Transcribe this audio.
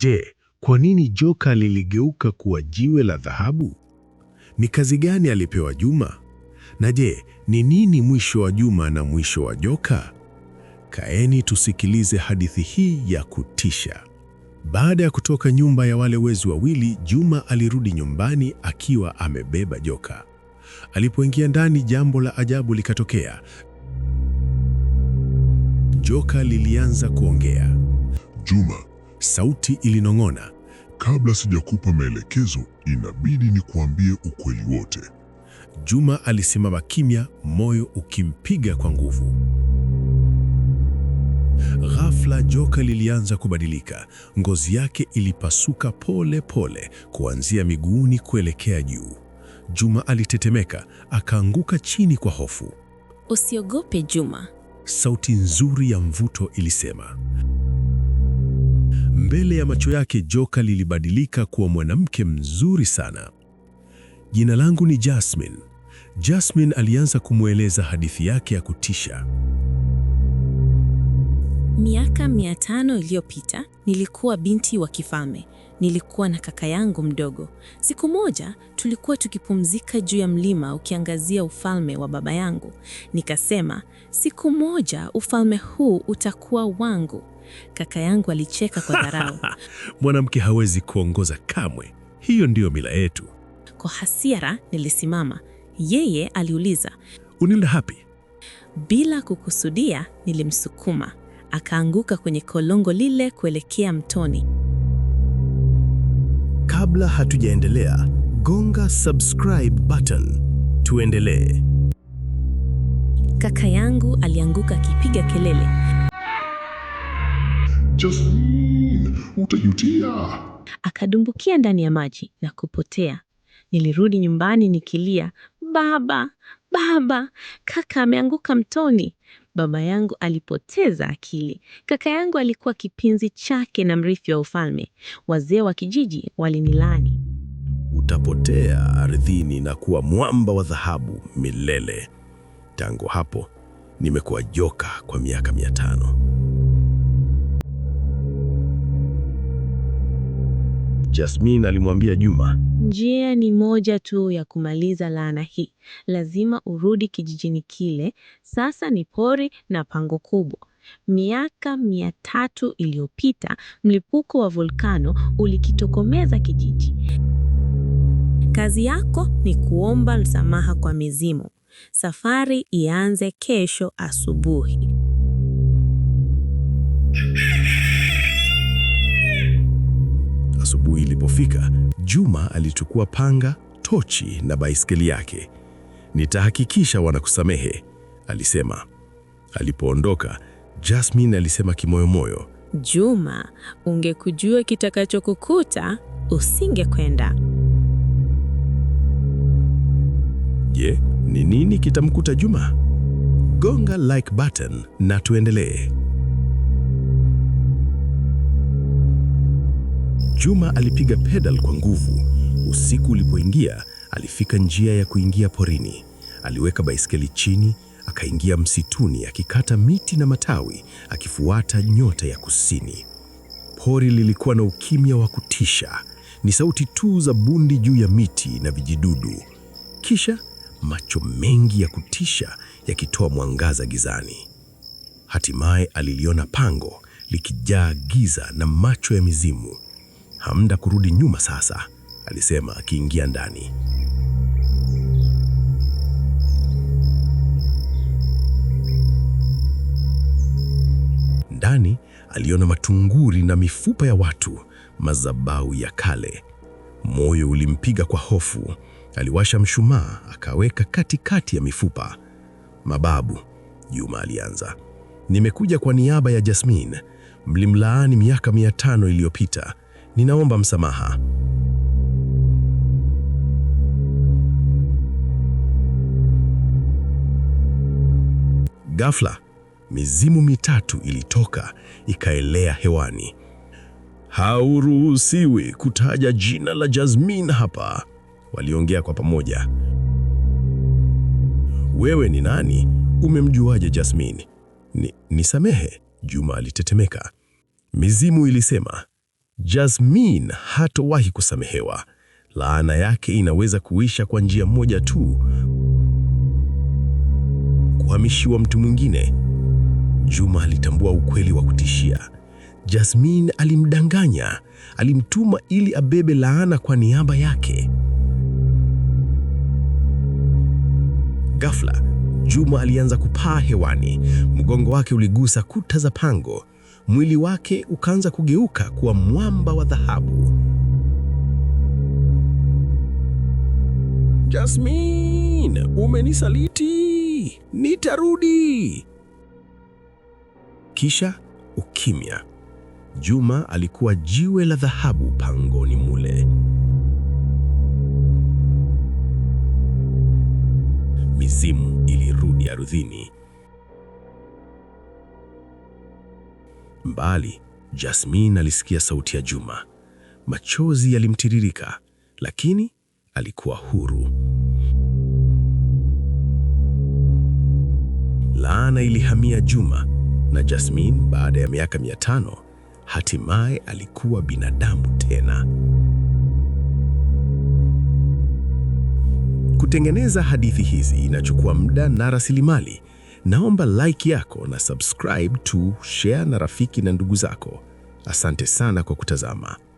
Je, kwa nini joka liligeuka kuwa jiwe la dhahabu? Ni kazi gani alipewa Juma? Na je, ni nini mwisho wa Juma na mwisho wa joka? Kaeni tusikilize hadithi hii ya kutisha. Baada ya kutoka nyumba ya wale wezi wawili, Juma alirudi nyumbani akiwa amebeba joka. Alipoingia ndani, jambo la ajabu likatokea. Joka lilianza kuongea. Juma, Sauti ilinong'ona, kabla sijakupa maelekezo, inabidi nikuambie ukweli wote. Juma alisimama kimya, moyo ukimpiga kwa nguvu. Ghafla joka lilianza kubadilika. Ngozi yake ilipasuka pole pole, kuanzia miguuni kuelekea juu. Juma alitetemeka, akaanguka chini kwa hofu. Usiogope Juma, sauti nzuri ya mvuto ilisema. Mbele ya macho yake joka lilibadilika kuwa mwanamke mzuri sana. Jina langu ni Jasmine. Jasmine alianza kumweleza hadithi yake ya kutisha. Miaka mia tano iliyopita nilikuwa binti wa kifalme. Nilikuwa na kaka yangu mdogo. Siku moja tulikuwa tukipumzika juu ya mlima ukiangazia ufalme wa baba yangu. Nikasema, siku moja ufalme huu utakuwa wangu. Kaka yangu alicheka kwa dharau. Mwanamke hawezi kuongoza kamwe, hiyo ndiyo mila yetu. Kwa hasira nilisimama, yeye aliuliza, unaenda hapi? Bila kukusudia nilimsukuma, akaanguka kwenye kolongo lile kuelekea mtoni. Kabla hatujaendelea, gonga subscribe button tuendelee. Kaka yangu alianguka akipiga kelele. Josephine, utajutia. Akadumbukia ndani ya maji na kupotea. Nilirudi nyumbani nikilia, baba, baba, kaka ameanguka mtoni. Baba yangu alipoteza akili. Kaka yangu alikuwa kipenzi chake na mrithi wa ufalme. Wazee wa kijiji walinilani, utapotea ardhini na kuwa mwamba wa dhahabu milele. Tangu hapo nimekuwa joka kwa miaka mia tano. Jasmine alimwambia Juma, njia ni moja tu ya kumaliza laana hii, lazima urudi kijijini kile. Sasa ni pori na pango kubwa. Miaka mia tatu iliyopita mlipuko wa volkano ulikitokomeza kijiji. Kazi yako ni kuomba msamaha kwa mizimu. Safari ianze kesho asubuhi. Asubuhi ilipofika, Juma alichukua panga, tochi na baiskeli yake. Nitahakikisha wanakusamehe, alisema. Alipoondoka, Jasmine alisema kimoyomoyo, Juma, ungekujua kitakachokukuta usingekwenda. Je, ni nini kitamkuta Juma? Gonga like button na tuendelee. Juma alipiga pedal kwa nguvu. Usiku ulipoingia, alifika njia ya kuingia porini. Aliweka baiskeli chini, akaingia msituni akikata miti na matawi, akifuata nyota ya kusini. Pori lilikuwa na ukimya wa kutisha. Ni sauti tu za bundi juu ya miti na vijidudu. Kisha macho mengi ya kutisha yakitoa mwangaza gizani. Hatimaye aliliona pango likijaa giza na macho ya mizimu hamna kurudi nyuma sasa, alisema akiingia ndani. Ndani aliona matunguri na mifupa ya watu, madhabahu ya kale. Moyo ulimpiga kwa hofu. Aliwasha mshumaa akaweka katikati ya mifupa. Mababu, Juma alianza, nimekuja kwa niaba ya Jasmine. Mlimlaani miaka mia tano iliyopita ninaomba msamaha. Ghafla mizimu mitatu ilitoka ikaelea hewani. Hauruhusiwi kutaja jina la Jasmine hapa, waliongea kwa pamoja. Wewe ni nani? Umemjuaje Jasmine? Ni, nisamehe, Juma alitetemeka. Mizimu ilisema, Jasmine hatowahi kusamehewa. Laana yake inaweza kuisha kwa njia moja tu, kuhamishiwa mtu mwingine. Juma alitambua ukweli wa kutishia. Jasmine alimdanganya, alimtuma ili abebe laana kwa niaba yake. Ghafla Juma alianza kupaa hewani, mgongo wake uligusa kuta za pango mwili wake ukaanza kugeuka kuwa mwamba wa dhahabu. Jasmine, umenisaliti, nitarudi. Kisha ukimya. Juma alikuwa jiwe la dhahabu pangoni mule. Mizimu ilirudi ardhini Mbali, Jasmine alisikia sauti ya Juma. Machozi yalimtiririka, lakini alikuwa huru. Laana ilihamia Juma na Jasmine baada ya miaka mia tano hatimaye alikuwa binadamu tena. Kutengeneza hadithi hizi inachukua muda na rasilimali, Naomba like yako na subscribe tu, share na rafiki na ndugu zako. Asante sana kwa kutazama.